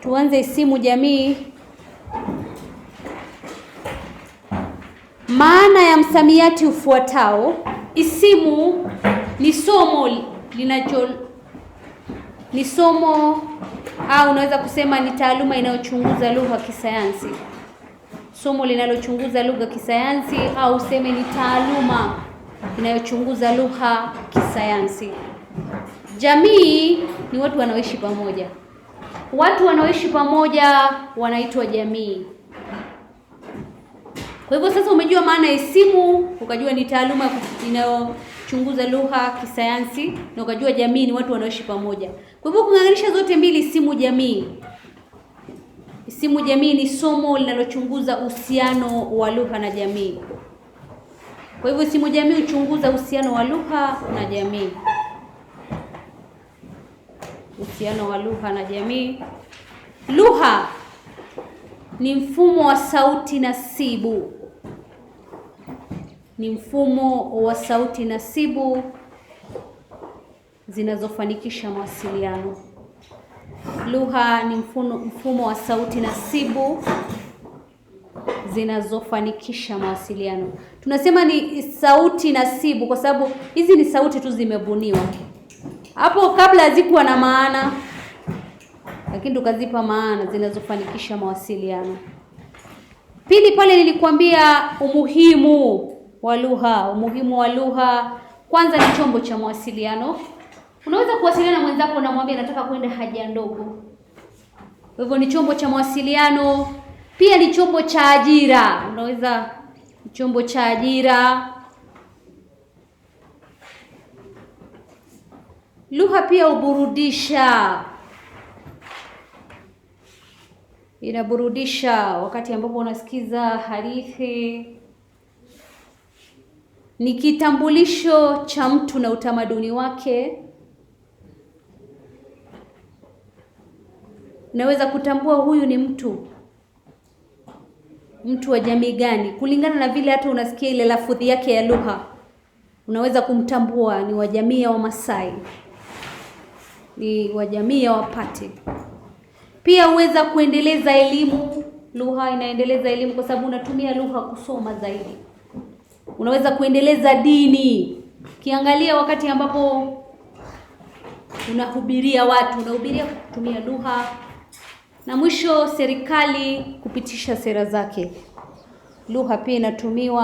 Tuanze isimu jamii. Maana ya msamiati ufuatao. Isimu ni somo linacho ni somo au unaweza kusema ni taaluma inayochunguza lugha kisayansi, somo linalochunguza lugha kisayansi, au useme ni taaluma inayochunguza lugha kisayansi. Jamii ni watu wanaoishi pamoja watu wanaoishi pamoja wanaitwa jamii. Kwa hivyo sasa umejua maana ya isimu, ukajua ni taaluma inayochunguza lugha kisayansi, na ukajua jamii ni watu wanaoishi pamoja. Kwa hivyo kuunganisha zote mbili, isimu jamii. Isimu jamii ni somo linalochunguza uhusiano wa lugha na jamii. Kwa hivyo isimu jamii huchunguza uhusiano wa lugha na jamii uhusiano wa lugha na jamii. Lugha ni mfumo wa sauti nasibu, ni mfumo wa sauti nasibu zinazofanikisha mawasiliano. Lugha ni mfumo, mfumo wa sauti nasibu zinazofanikisha mawasiliano. Tunasema ni sauti nasibu kwa sababu hizi ni sauti tu zimebuniwa hapo kabla hazikuwa na maana, lakini tukazipa maana zinazofanikisha mawasiliano. Pili, pale nilikuambia umuhimu wa lugha. Umuhimu wa lugha, kwanza ni chombo cha mawasiliano. Unaweza kuwasiliana na mwenzako, unamwambia nataka kwenda haja ndogo. Kwa hivyo ni chombo cha mawasiliano. Pia ni chombo cha ajira, unaweza chombo cha ajira Lugha pia huburudisha, inaburudisha wakati ambapo unasikiza hadithi. Ni kitambulisho cha mtu na utamaduni wake. Unaweza kutambua huyu ni mtu mtu wa jamii gani, kulingana na vile hata unasikia ile lafudhi yake ya lugha, unaweza kumtambua ni wa jamii ya Wamasai ni wa jamii ya Wapate. Pia huweza kuendeleza elimu, lugha inaendeleza elimu kwa sababu unatumia lugha kusoma zaidi. Unaweza kuendeleza dini, ukiangalia wakati ambapo unahubiria watu, unahubiria kutumia lugha. Na mwisho serikali kupitisha sera zake, lugha pia inatumiwa.